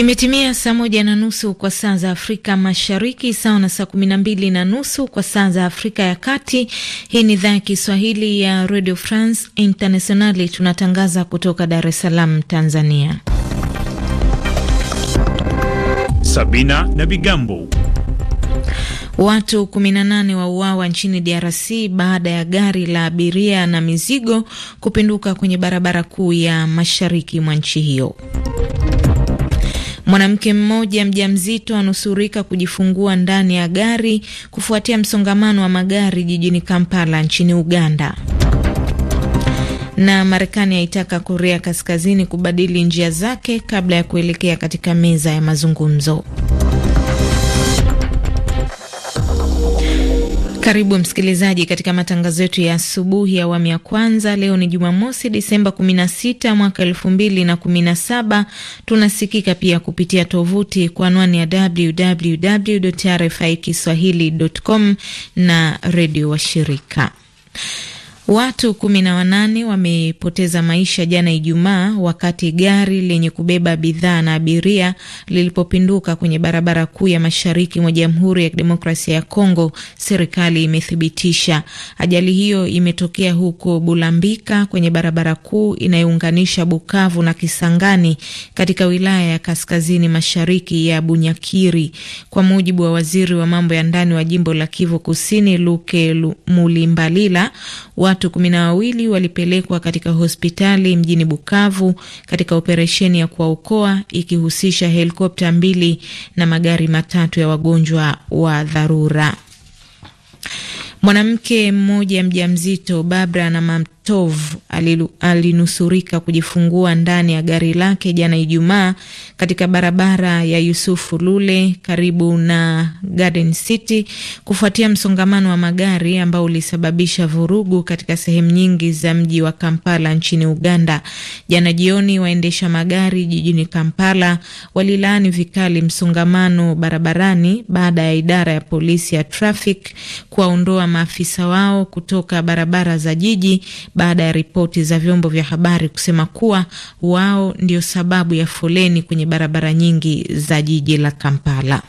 Imetimia saa moja na nusu kwa saa za Afrika Mashariki, sawa na saa kumi na mbili na nusu kwa saa za Afrika ya Kati. Hii ni idhaa ya Kiswahili ya Radio France Internationali, tunatangaza kutoka Dar es Salaam, Tanzania. Sabina na Bigambo. Watu 18 wauawa nchini DRC baada ya gari la abiria na mizigo kupinduka kwenye barabara kuu ya mashariki mwa nchi hiyo. Mwanamke mmoja mjamzito anusurika kujifungua ndani ya gari kufuatia msongamano wa magari jijini Kampala nchini Uganda. Na Marekani yaitaka Korea Kaskazini kubadili njia zake kabla ya kuelekea katika meza ya mazungumzo. Karibu msikilizaji katika matangazo yetu ya asubuhi ya awamu ya kwanza. Leo ni Jumamosi, Disemba 16 mwaka 2017. Tunasikika pia kupitia tovuti kwa anwani ya www RFI kiswahili.com na redio washirika. Watu kumi na wanane wamepoteza maisha jana Ijumaa wakati gari lenye kubeba bidhaa na abiria lilipopinduka kwenye barabara kuu ya mashariki mwa Jamhuri ya Kidemokrasia ya Kongo, serikali imethibitisha. Ajali hiyo imetokea huko Bulambika kwenye barabara kuu inayounganisha Bukavu na Kisangani katika wilaya ya kaskazini mashariki ya Bunyakiri, kwa mujibu wa waziri wa mambo ya ndani wa jimbo la Kivu Kusini, Luke Mulimbalila. Watu Watu kumi na wawili walipelekwa katika hospitali mjini Bukavu katika operesheni ya kuwaokoa ikihusisha helikopta mbili na magari matatu ya wagonjwa wa dharura. Mwanamke mmoja mjamzito Babra na Tov alilu, alinusurika kujifungua ndani ya gari lake jana Ijumaa katika barabara ya Yusufu Lule karibu na Garden City kufuatia msongamano wa magari ambao ulisababisha vurugu katika sehemu nyingi za mji wa Kampala nchini Uganda. Jana jioni, waendesha magari jijini Kampala walilaani vikali msongamano barabarani baada ya idara ya polisi ya traffic kuwaondoa maafisa wao kutoka barabara za jiji baada ya ripoti za vyombo vya habari kusema kuwa wao ndio sababu ya foleni kwenye barabara nyingi za jiji la Kampala.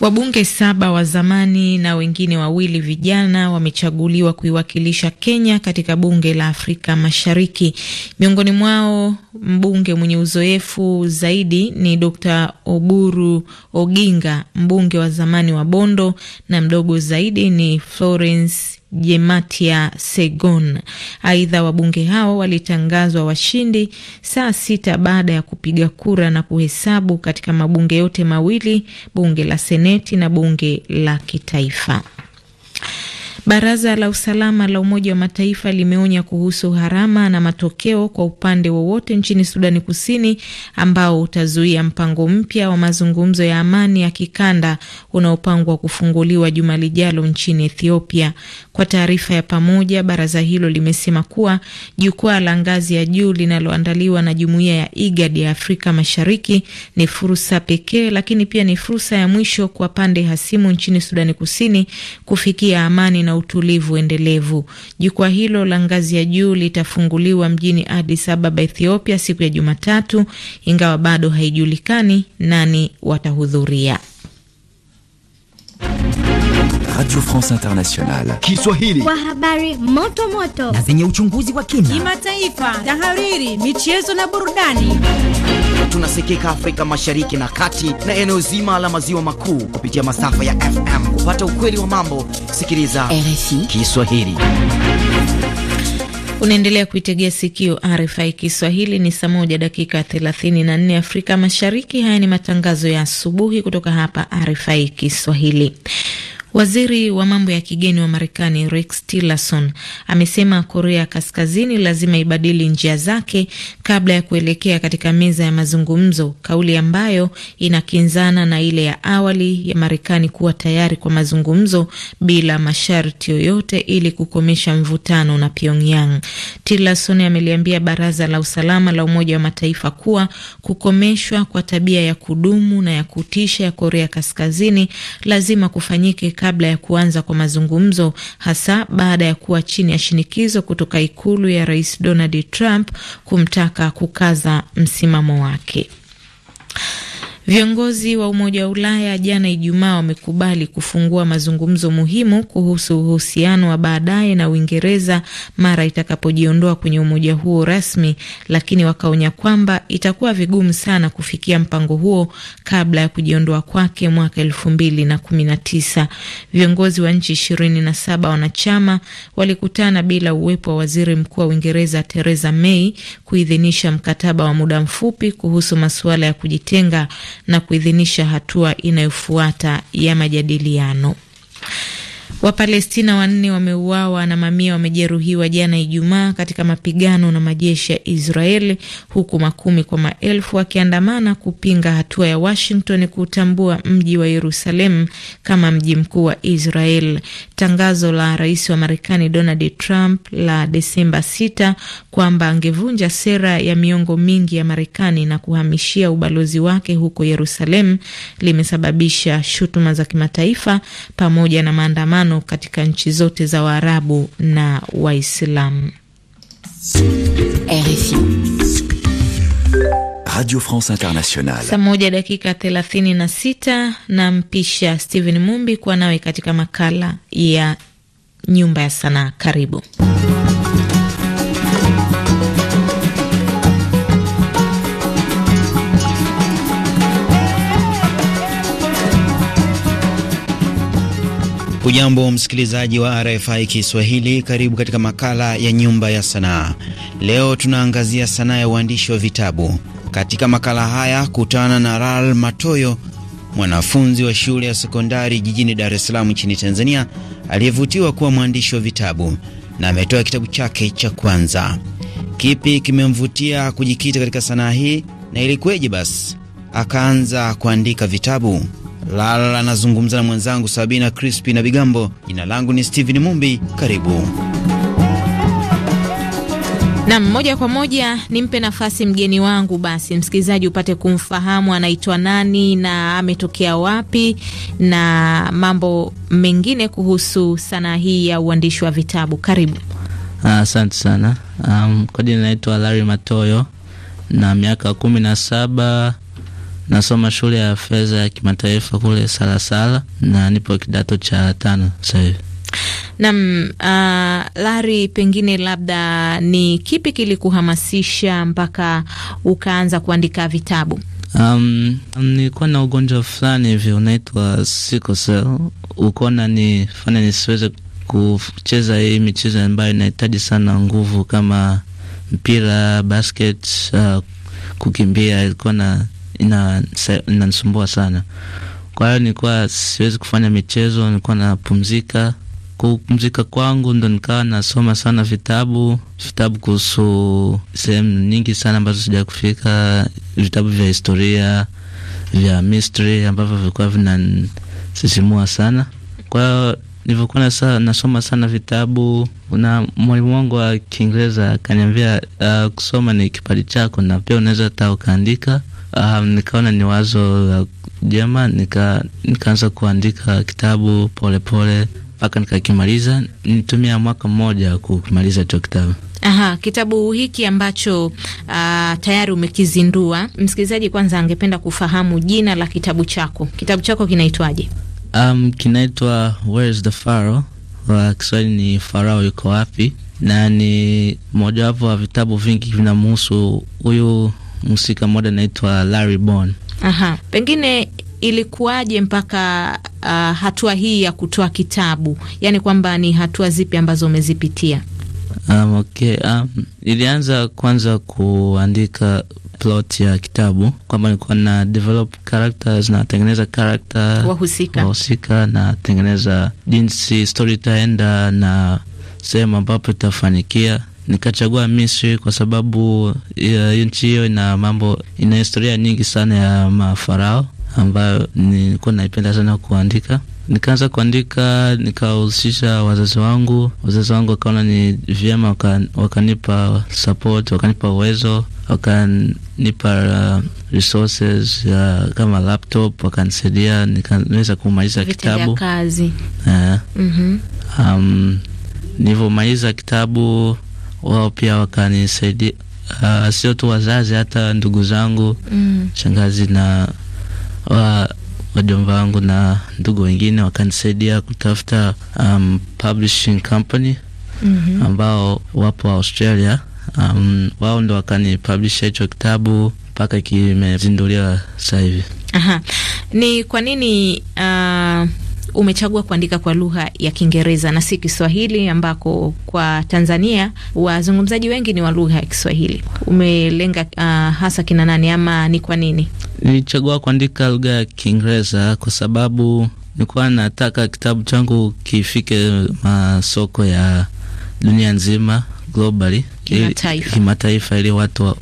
Wabunge saba wa zamani na wengine wawili vijana wamechaguliwa kuiwakilisha Kenya katika bunge la Afrika Mashariki. Miongoni mwao mbunge mwenye uzoefu zaidi ni Dr. Oburu Oginga, mbunge wa zamani wa Bondo, na mdogo zaidi ni Florence Jematia Segon. Aidha, wabunge hao walitangazwa washindi saa sita baada ya kupiga kura na kuhesabu katika mabunge yote mawili, bunge la seneti na bunge la kitaifa. Baraza la usalama la Umoja wa Mataifa limeonya kuhusu gharama na matokeo kwa upande wowote nchini Sudani Kusini ambao utazuia mpango mpya wa mazungumzo ya amani ya kikanda unaopangwa kufunguliwa juma lijalo nchini Ethiopia. Kwa taarifa ya pamoja, baraza hilo limesema kuwa jukwaa la ngazi ya juu linaloandaliwa na jumuiya ya IGAD ya Afrika Mashariki ni fursa pekee, lakini pia ni fursa ya mwisho kwa pande hasimu nchini Sudani Kusini kufikia amani na utulivu endelevu. Jukwaa hilo la ngazi ya juu litafunguliwa mjini Addis Ababa, Ethiopia, siku ya Jumatatu, ingawa bado haijulikani nani watahudhuria. Radio France Internationale Kiswahili, kwa habari moto moto na zenye uchunguzi wa kina, kimataifa, tahariri, michezo na burudani tunasikika Afrika Mashariki na Kati na eneo zima la maziwa makuu kupitia masafa ya FM. Kupata ukweli wa mambo, sikiliza RFI Kiswahili. Unaendelea kuitegea sikio RFI Kiswahili. Ni saa moja dakika 34 Afrika Mashariki. Haya ni matangazo ya asubuhi kutoka hapa RFI Kiswahili. Waziri wa mambo ya kigeni wa Marekani Rex Tillerson amesema Korea Kaskazini lazima ibadili njia zake kabla ya kuelekea katika meza ya mazungumzo, kauli ambayo inakinzana na ile ya awali ya Marekani kuwa tayari kwa mazungumzo bila masharti yoyote ili kukomesha mvutano na Pyongyang. Tillerson ameliambia Baraza la Usalama la Umoja wa Mataifa kuwa kukomeshwa kwa tabia ya kudumu na ya kutisha ya Korea Kaskazini lazima kufanyike kabla ya kuanza kwa mazungumzo, hasa baada ya kuwa chini ya shinikizo kutoka ikulu ya Rais Donald Trump kumtaka kukaza msimamo wake. Viongozi wa Umoja wa Ulaya jana Ijumaa wamekubali kufungua mazungumzo muhimu kuhusu uhusiano wa baadaye na Uingereza mara itakapojiondoa kwenye umoja huo rasmi, lakini wakaonya kwamba itakuwa vigumu sana kufikia mpango huo kabla ya kujiondoa kwake mwaka elfu mbili na kumi na tisa. Viongozi wa nchi ishirini na saba wanachama walikutana bila uwepo wa waziri mkuu wa Uingereza Theresa May kuidhinisha mkataba wa muda mfupi kuhusu masuala ya kujitenga na kuidhinisha hatua inayofuata ya majadiliano. Wapalestina wanne wameuawa na mamia wamejeruhiwa jana Ijumaa katika mapigano na majeshi ya Israeli, huku makumi kwa maelfu wakiandamana kupinga hatua ya Washington kutambua mji wa Yerusalemu kama mji mkuu wa Israel. Tangazo la rais wa Marekani Donald Trump la Desemba 6 kwamba angevunja sera ya miongo mingi ya Marekani na kuhamishia ubalozi wake huko Yerusalemu limesababisha shutuma za kimataifa pamoja na maandamano mapambano katika nchi zote za Waarabu na Waislamu. Radio France Internationale. Saa moja dakika 36 na mpisha Steven Mumbi kuwa nawe katika makala ya nyumba ya sanaa. Karibu. Ujambo msikilizaji wa RFI Kiswahili, karibu katika makala ya nyumba ya sanaa. Leo tunaangazia sanaa ya uandishi wa vitabu. Katika makala haya kutana na Ral Matoyo, mwanafunzi wa shule ya sekondari jijini Dar es Salaam nchini Tanzania, aliyevutiwa kuwa mwandishi wa vitabu na ametoa kitabu chake cha kwanza. Kipi kimemvutia kujikita katika sanaa hii na ilikuweje basi akaanza kuandika vitabu? Lala anazungumza na mwenzangu Sabina Crispi na Bigambo. Jina langu ni Steven Mumbi, karibu na moja kwa moja nimpe nafasi mgeni wangu basi, msikilizaji upate kumfahamu anaitwa nani na ametokea wapi na mambo mengine kuhusu sanaa hii ya uandishi wa vitabu. Karibu. Asante ah, sana. Um, kwa jina naitwa Larry Matoyo na miaka kumi na saba Nasoma shule ya fedha ya kimataifa kule Salasala na nipo kidato cha tano sasa hivi. Nam uh, ah, Lari, pengine labda ni kipi kilikuhamasisha mpaka ukaanza kuandika vitabu? Um, nilikuwa na ugonjwa fulani hivi unaitwa sickle cell, ukona fana nisiweze kucheza hii michezo ambayo inahitaji sana nguvu kama mpira, basket, uh, kukimbia. Ilikuwa na inanisumbua ina sana. Kwa hiyo nilikuwa siwezi kufanya michezo, nilikuwa napumzika. Kupumzika kwangu ndo nikawa nasoma sana vitabu, vitabu kuhusu sehemu nyingi sana ambazo sija kufika, vitabu vya historia vya mystery ambavyo vilikuwa vinansisimua sana. Kwa hiyo nilivyokuwa nasoma sana vitabu, na mwalimu wangu wa Kiingereza akaniambia, uh, kusoma ni kipaji chako na pia unaweza hata ukaandika um, nikaona ni wazo la jema, nika nikaanza kuandika kitabu polepole mpaka nikakimaliza. Nitumia mwaka mmoja kumaliza hicho kitabu. Aha, kitabu hiki ambacho uh, tayari umekizindua, msikilizaji kwanza angependa kufahamu jina la kitabu chako. Kitabu chako kinaitwaje? Um, kinaitwa Where's the Pharaoh, kwa Kiswahili ni Farao yuko wapi, na ni mojawapo wa vitabu vingi vinamhusu huyu mhusika mmoja anaitwa Larry Bond. Aha. Pengine ilikuwaje mpaka uh, hatua hii ya kutoa kitabu, yaani kwamba ni hatua zipi ambazo umezipitia? Um, okay. Um, ilianza kwanza kuandika plot ya kitabu kwamba nilikuwa na develop characters, tengeneza character wahusika, wahusika natengeneza jinsi story itaenda na sehemu ambapo itafanikia nikachagua Misri kwa sababu eh, nchi hiyo ina mambo, ina historia nyingi sana ya mafarao ambayo nilikuwa naipenda sana kuandika. Nikaanza kuandika, nikahusisha wazazi wangu. Wazazi wangu wakaona ni vyema, wakanipa support, wakanipa uwezo, wakanipa uh, resources uh, kama laptop, wakanisaidia nikaweza kumaliza kitabu kazi. Uh, mm -hmm. um, nilivyomaliza kitabu wao pia wakanisaidia, uh, sio tu wazazi, hata ndugu zangu mm. shangazi na wa, wajomba wangu na ndugu wengine wakanisaidia kutafuta um, publishing company mm -hmm. ambao wapo Australia. Um, wao ndo wakanipublisha hicho kitabu mpaka kimezinduliwa sasa hivi. Aha, ni kwa nini uh umechagua kuandika kwa lugha ya Kiingereza na si Kiswahili, ambako kwa Tanzania wazungumzaji wengi ni wa lugha ya Kiswahili. Umelenga uh, hasa kina nani ama ni kwa nini nilichagua kuandika lugha ya Kiingereza? Kwa sababu nilikuwa nataka kitabu changu kifike masoko ya dunia nzima, globally, kimataifa, ili watu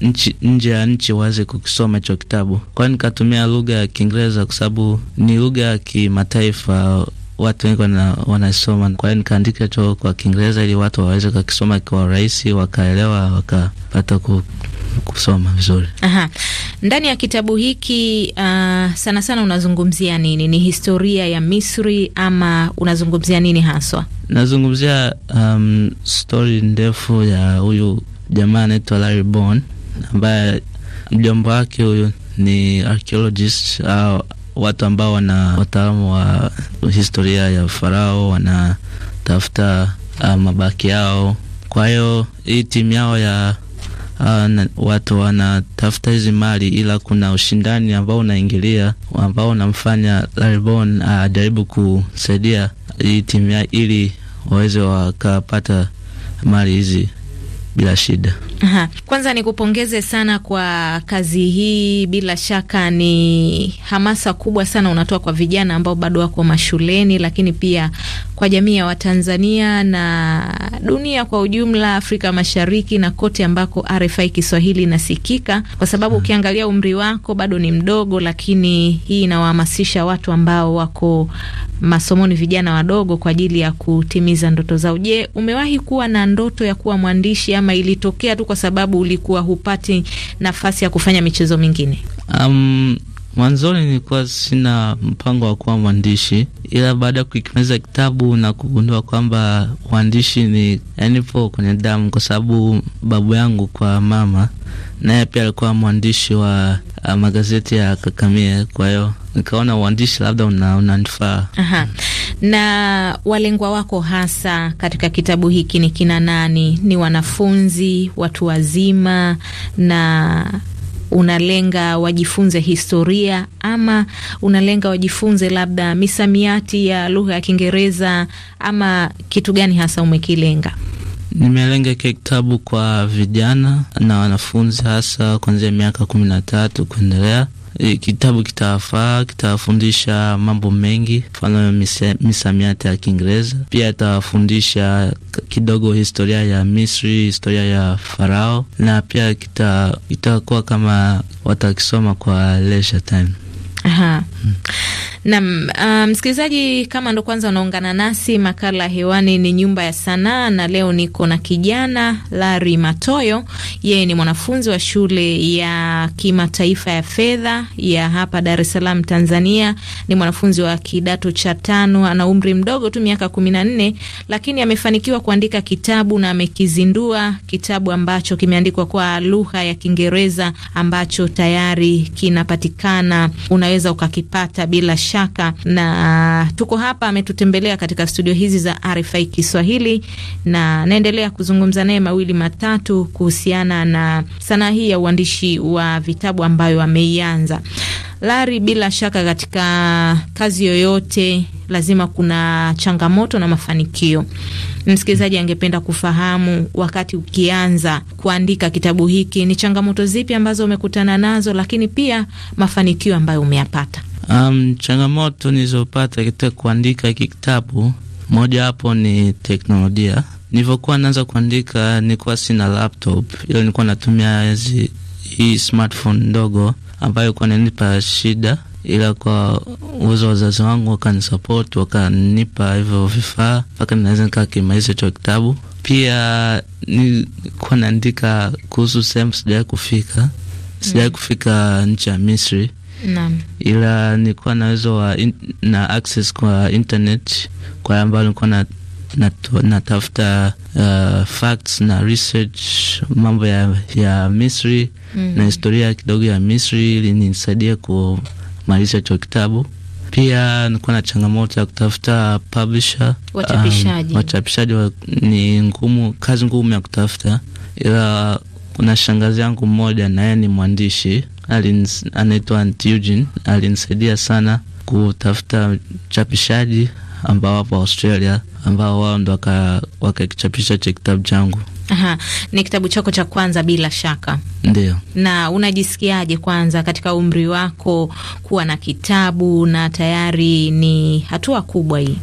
nchi nje ya nchi waweze kukisoma hicho kitabu, hiyo nikatumia lugha ya Kiingereza kwa sababu ni lugha ya kimataifa watu wengi wanasoma. Kwa hiyo nikaandika cho kwa Kiingereza ili watu waweze kakisoma kwa urahisi, wakaelewa, wakapata ku, kusoma vizuri. Aha. Ndani ya kitabu hiki uh, sana sana unazungumzia nini? Ni historia ya Misri ama unazungumzia nini haswa? Nazungumzia um, stori ndefu ya huyu jamaa anaitwa Larry Bond ambaye mjomba wake huyu ni archaeologist au watu ambao wana wataalamu wa historia ya Farao, wanatafuta uh, mabaki yao. Kwa hiyo hii timu yao ya uh, watu wanatafuta hizi mali, ila kuna ushindani ambao unaingilia ambao unamfanya Laribon ah, ajaribu uh, kusaidia hii timu ili waweze wakapata mali hizi bila shida. Aha. Kwanza nikupongeze sana kwa kazi hii, bila shaka ni hamasa kubwa sana unatoa kwa vijana ambao bado wako mashuleni, lakini pia kwa jamii ya Watanzania na dunia kwa ujumla, Afrika Mashariki na kote ambako RFI Kiswahili inasikika, kwa sababu ukiangalia umri wako bado ni mdogo, lakini hii inawahamasisha watu ambao wako masomoni, vijana wadogo, kwa ajili ya kutimiza ndoto zao. Je, umewahi kuwa na ndoto ya kuwa mwandishi ama ilitokea tu kwa sababu ulikuwa hupati nafasi ya kufanya michezo mingine? Um, Mwanzoni nilikuwa sina mpango wa kuwa mwandishi, ila baada ya kukimaliza kitabu na kugundua kwamba uandishi ni yanipo kwenye damu, kwa sababu babu yangu kwa mama naye pia alikuwa mwandishi wa uh, magazeti ya Kakamie. Kwa hiyo nikaona uandishi labda unanifaa una na walengwa wako hasa katika kitabu hiki ni kina nani? Ni wanafunzi, watu wazima na unalenga wajifunze historia ama unalenga wajifunze labda misamiati ya lugha ya Kiingereza ama kitu gani hasa umekilenga? Nimelenga kitabu kwa vijana na wanafunzi hasa kuanzia miaka kumi na tatu kuendelea E, kitabu kitafaa, kitawafundisha mambo mengi, mfano misamiati ya Kiingereza. Pia itawafundisha kidogo historia ya Misri, historia ya Farao, na pia itakuwa kita kama watakisoma kwa leisure time. Aha. Hmm. Nam uh, um, msikilizaji, kama ndo kwanza unaungana nasi, makala hewani ni Nyumba ya Sanaa, na leo niko na kijana Lari Matoyo. Yeye ni mwanafunzi wa shule ya kimataifa ya fedha ya hapa Dar es Salaam, Tanzania. Ni mwanafunzi wa kidato cha tano, ana umri mdogo tu, miaka kumi na nne, lakini amefanikiwa kuandika kitabu na amekizindua kitabu ambacho kimeandikwa kwa lugha ya Kiingereza ambacho tayari kinapatikana, unaweza ukakipata bila shaka, na tuko hapa, ametutembelea katika studio hizi za RFI Kiswahili na naendelea kuzungumza naye mawili matatu kuhusiana na sanaa hii ya uandishi wa vitabu ambayo ameianza. Lari, bila shaka katika kazi yoyote lazima kuna changamoto na mafanikio. Msikilizaji angependa kufahamu wakati ukianza kuandika kitabu hiki, ni changamoto zipi ambazo umekutana nazo, lakini pia mafanikio ambayo umeyapata? Um, changamoto nilizopata katika kuandika kitabu, moja hapo ni teknolojia. Nilivyokuwa naanza kuandika nilikuwa sina laptop, ila nilikuwa natumia hizi hii smartphone ndogo ambayo kwa nanipa shida, ila kwa uwezo wa wazazi wangu wakanisupport, wakanipa hivyo vifaa mpaka ninaweza nikakimaliza hicho kitabu. Pia nilikuwa naandika kuhusu sehemu sijawahi kufika, sijawahi mm. kufika nchi ya Misri Ila nilikuwa na uwezo wa in, na access kwa internet kwa ambayo nilikuwa na natafuta uh, facts na research mambo ya, ya Misri mm -hmm. na historia kidogo ya Misri ili nisaidia kumaliza hicho kitabu. Pia nilikuwa na changamoto ya kutafuta publisher, um, wachapishaji um, wachapishaji wa, ni ngumu, kazi ngumu ya kutafuta, ila kuna shangazi yangu mmoja, na yeye ni mwandishi anaitwa Auntie Eugene alinisaidia sana kutafuta mchapishaji ambao wapo Australia, ambao wao ndo wakakichapisha waka cha kitabu changu. Aha, ni kitabu chako cha kwanza bila shaka. Ndio. Na unajisikiaje kwanza katika umri wako kuwa na kitabu na tayari ni hatua kubwa hii?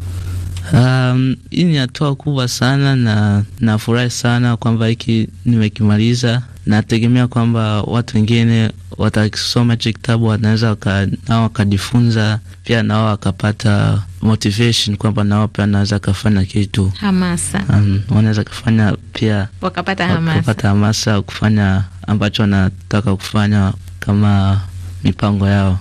Um, hii ni hatua kubwa sana na nafurahi sana kwamba hiki nimekimaliza nategemea kwamba watu wengine watakisoma hicho kitabu wanaweza waka, nao wakajifunza pia nao wakapata motivation kwamba nao pia wanaweza kafanya kitu hamasa. Um, wanaweza kafanya pia wakapata hamasa, wakapata hamasa kufanya ambacho wanataka kufanya kama mipango yao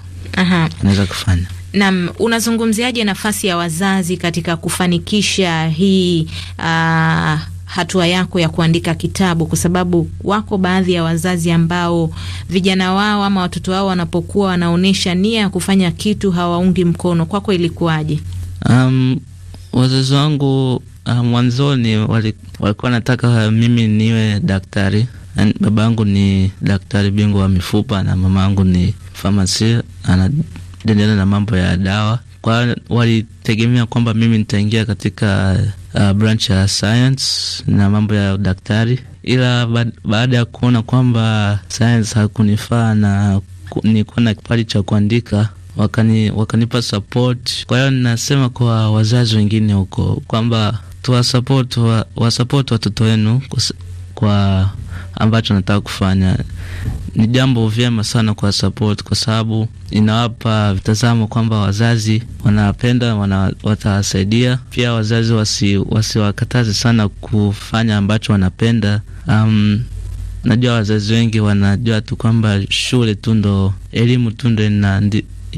wanaweza kufanya. Naam, unazungumziaje nafasi ya wazazi katika kufanikisha hii uh, hatua yako ya kuandika kitabu, kwa sababu wako baadhi ya wazazi ambao vijana wao ama watoto wao wanapokuwa wanaonyesha nia ya kufanya kitu hawaungi mkono. Kwako ilikuwaje? Um, wazazi wangu uh, mwanzoni um, walikuwa nataka uh, mimi niwe daktari. Baba yangu ni daktari bingwa wa mifupa na mama yangu ni famasi, anaendelea na mambo ya dawa. Kwa walitegemea kwamba mimi nitaingia katika uh, branch ya science na mambo ya udaktari, ila baada ya kuona kwamba science hakunifaa na nilikuwa na kipadi cha kuandika wakani, wakanipa support. Kwa hiyo ninasema kwa wazazi wengine huko kwamba tuwasupport, watoto wenu kwa ambacho nataka kufanya ni jambo vyema sana kwa support, kwa sababu inawapa vitazamo kwamba wazazi wanawapenda, wana, watawasaidia pia. Wazazi wasiwakataze wasi sana kufanya ambacho wanapenda. Um, najua wazazi wengi wanajua tu kwamba shule tu ndo elimu tu ndo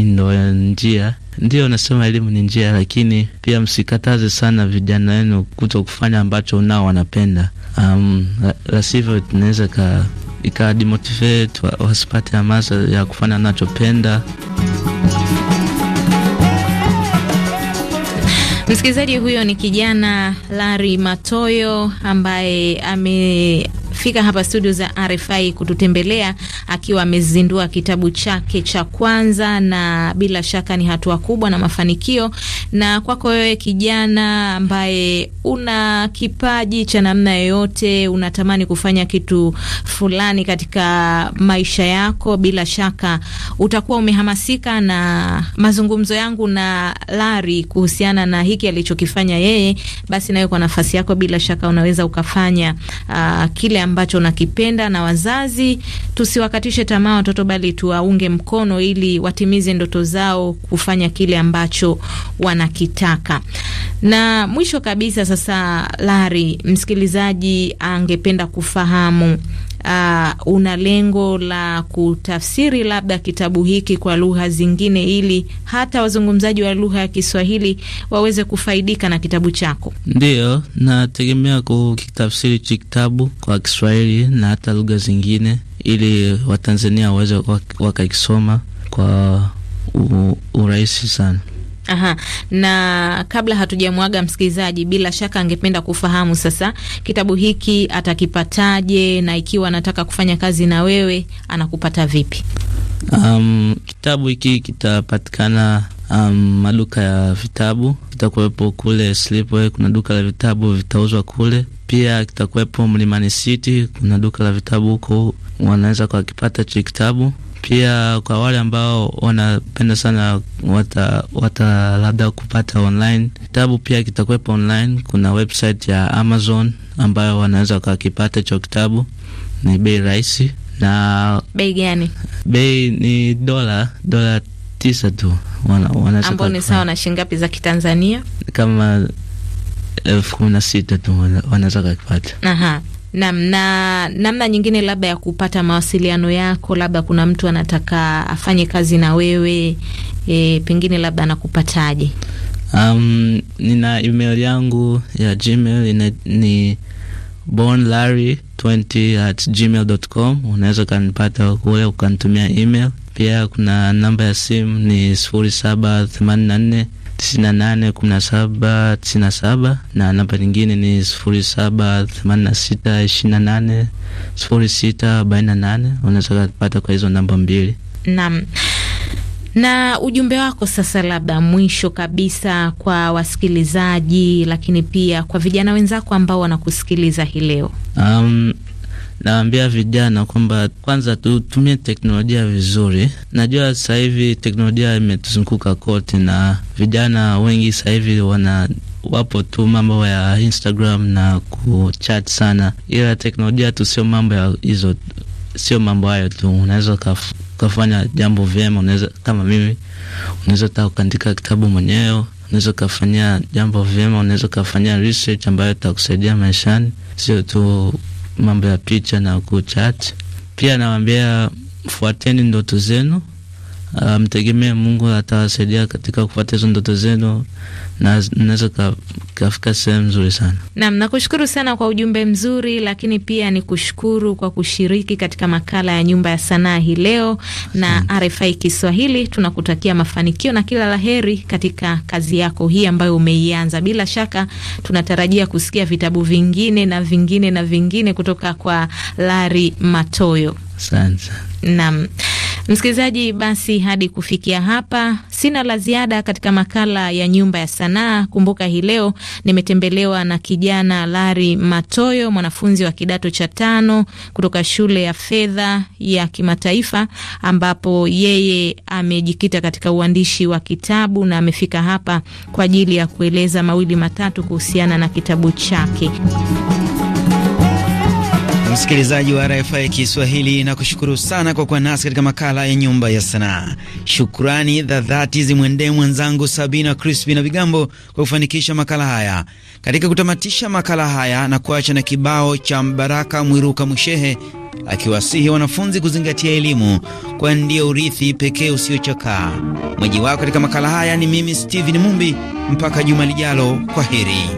ndo njia ndio nasema elimu ni njia, lakini pia msikataze sana vijana wenu kuto kufanya ambacho nao wanapenda. Um, la tunaweza ka ikadimotivate wasipate hamasa ya kufanya anachopenda. Msikilizaji huyo ni kijana Lari Matoyo ambaye ame fika hapa studio za RFI kututembelea akiwa amezindua kitabu chake cha kwanza, na bila shaka ni hatua kubwa na mafanikio. Na kwako wewe kijana ambaye una kipaji cha namna yoyote, unatamani kufanya kitu fulani katika maisha yako, bila shaka utakuwa umehamasika na mazungumzo yangu na Lari kuhusiana na hiki alichokifanya yeye, basi nawe kwa nafasi yako, bila shaka unaweza ukafanya uh, kile kile ambacho nakipenda na wazazi tusiwakatishe tamaa watoto, bali tuwaunge mkono ili watimize ndoto zao, kufanya kile ambacho wanakitaka. Na mwisho kabisa, sasa Lari, msikilizaji angependa kufahamu uh, una lengo la kutafsiri labda kitabu hiki kwa lugha zingine ili hata wazungumzaji wa lugha ya Kiswahili waweze kufaidika na kitabu chako? Ndiyo, nategemea kukitafsiri chi kitabu kwa Kiswahili na hata lugha zingine ili Watanzania waweze wakakisoma kwa urahisi sana. Aha. Na kabla hatujamwaga msikilizaji, bila shaka angependa kufahamu sasa kitabu hiki atakipataje, na ikiwa anataka kufanya kazi na wewe anakupata vipi? Um, kitabu hiki kitapatikana um, maduka ya vitabu, kitakuwepo kule Slipway, kuna duka la vitabu vitauzwa kule pia. Kitakuwepo Mlimani City, kuna duka la vitabu huko, wanaweza kwa kipata kitabu pia kwa wale ambao wanapenda sana wata, wata labda kupata online kitabu pia kitakuwepo online. Kuna website ya Amazon ambayo wanaweza wakakipata hicho kitabu, ni bei rahisi. Na bei gani? Bei ni dola dola tisa tu, ambao ni sawa na shilingi ngapi za Kitanzania? Kama elfu kumi na sita tu wanaweza wakakipata. Aha. Nam, na namna nyingine labda ya kupata mawasiliano yako, labda kuna mtu anataka afanye kazi na wewe e, pengine labda anakupataje? Um, nina email yangu ya Gmail ina, ni bonlarry 20gmailcom com. Unaweza ukanipata kule ukanitumia email. Pia kuna namba ya simu ni sufuri saba themanini na nne tisini na nane kumi na saba tisini na saba na namba nyingine ni sifuri saba themanini na sita ishirini na nane sifuri sita arobaini na nane. Unaweza kupata kwa hizo namba mbili. Naam na ujumbe wako sasa, labda mwisho kabisa kwa wasikilizaji, lakini pia kwa vijana wenzako ambao wanakusikiliza hii leo. Um, naambia vijana kwamba kwanza tutumie teknolojia vizuri. Najua sasa hivi teknolojia imetuzunguka kote, na vijana wengi sasa hivi wana wapo tu mambo ya Instagram na kuchat sana, ila teknolojia tu sio mambo ya hizo, sio mambo hayo tu. Unaweza ukafanya jambo vyema, unaweza kama mimi, unaweza taka ukaandika kitabu mwenyewe unaweza ukafanyia jambo vyema, unaweza ukafanyia research ambayo itakusaidia maishani, sio tu mambo ya picha na kuchat. Pia nawambia mfuateni ndoto zenu Ah, mtegemee um, Mungu atawasaidia katika kufuata hizo ndoto zenu na naweza kafika sehemu nzuri sana. Naam, nakushukuru sana kwa ujumbe mzuri, lakini pia ni kushukuru kwa kushiriki katika makala ya Nyumba ya Sanaa hii leo na RFI Kiswahili. Tunakutakia mafanikio na kila laheri katika kazi yako hii ambayo umeianza. Bila shaka tunatarajia kusikia vitabu vingine na vingine na vingine kutoka kwa Lari Matoyo. Asante. Naam. Msikilizaji, basi hadi kufikia hapa sina la ziada katika makala ya nyumba ya sanaa. Kumbuka hii leo nimetembelewa na kijana Lari Matoyo, mwanafunzi wa kidato cha tano kutoka shule ya fedha ya kimataifa, ambapo yeye amejikita katika uandishi wa kitabu na amefika hapa kwa ajili ya kueleza mawili matatu kuhusiana na kitabu chake. Msikilizaji wa RFI Kiswahili, nakushukuru sana kwa kuwa nasi katika makala ya Nyumba ya Sanaa. Shukrani dha dhati zimwendee mwenzangu Sabina Crispi na Vigambo kwa kufanikisha makala haya. Katika kutamatisha makala haya, na kuacha na kibao cha Mbaraka Mwiruka Mwishehe akiwasihi wanafunzi kuzingatia elimu, kwa ndiyo urithi pekee usiochakaa. Mweji wako katika makala haya ni mimi Steven Mumbi. Mpaka juma lijalo, kwa heri.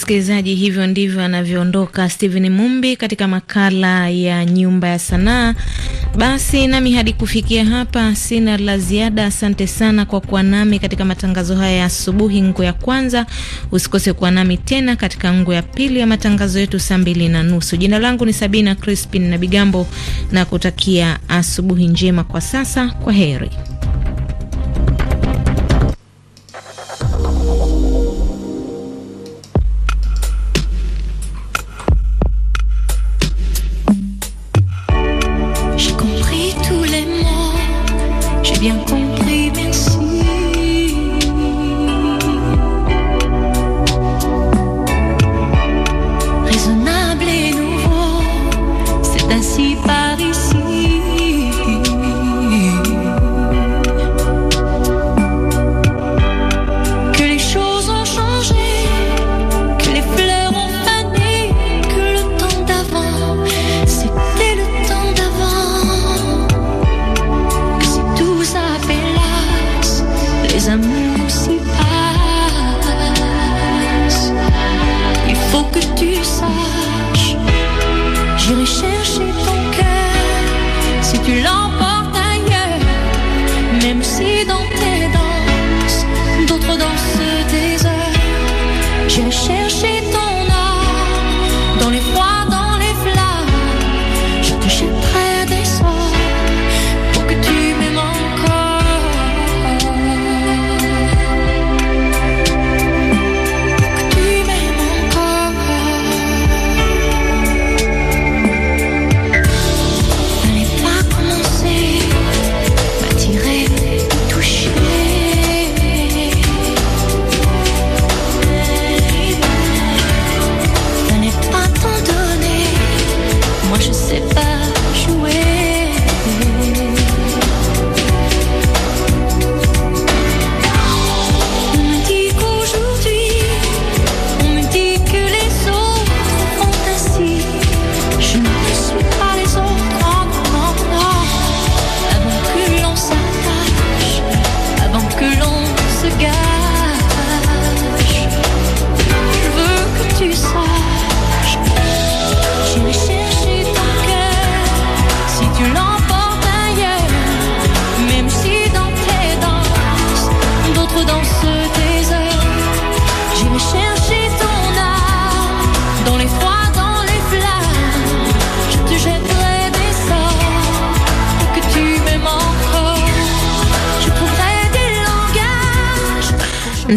Msikilizaji, hivyo ndivyo anavyoondoka Stephen Mumbi katika makala ya Nyumba ya Sanaa. Basi nami hadi kufikia hapa sina la ziada. Asante sana kwa kuwa nami katika matangazo haya ya asubuhi, ngo ya kwanza. Usikose kuwa nami tena katika ngo ya pili ya matangazo yetu saa mbili na nusu. Jina langu ni Sabina Crispin na Bigambo, na kutakia asubuhi njema kwa sasa. Kwa heri.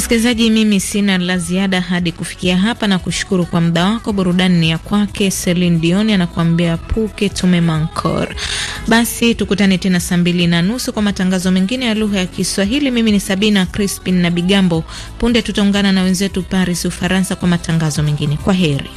Msikilizaji, mimi sina la ziada hadi kufikia hapa, na kushukuru kwa muda wako. Burudani ni ya kwake Celine Dion, anakuambia puke tumemancor Basi tukutane tena saa mbili na nusu kwa matangazo mengine ya lugha ya Kiswahili. Mimi ni Sabina Crispin na Bigambo. Punde tutaungana na wenzetu Paris, Ufaransa, kwa matangazo mengine. Kwa heri.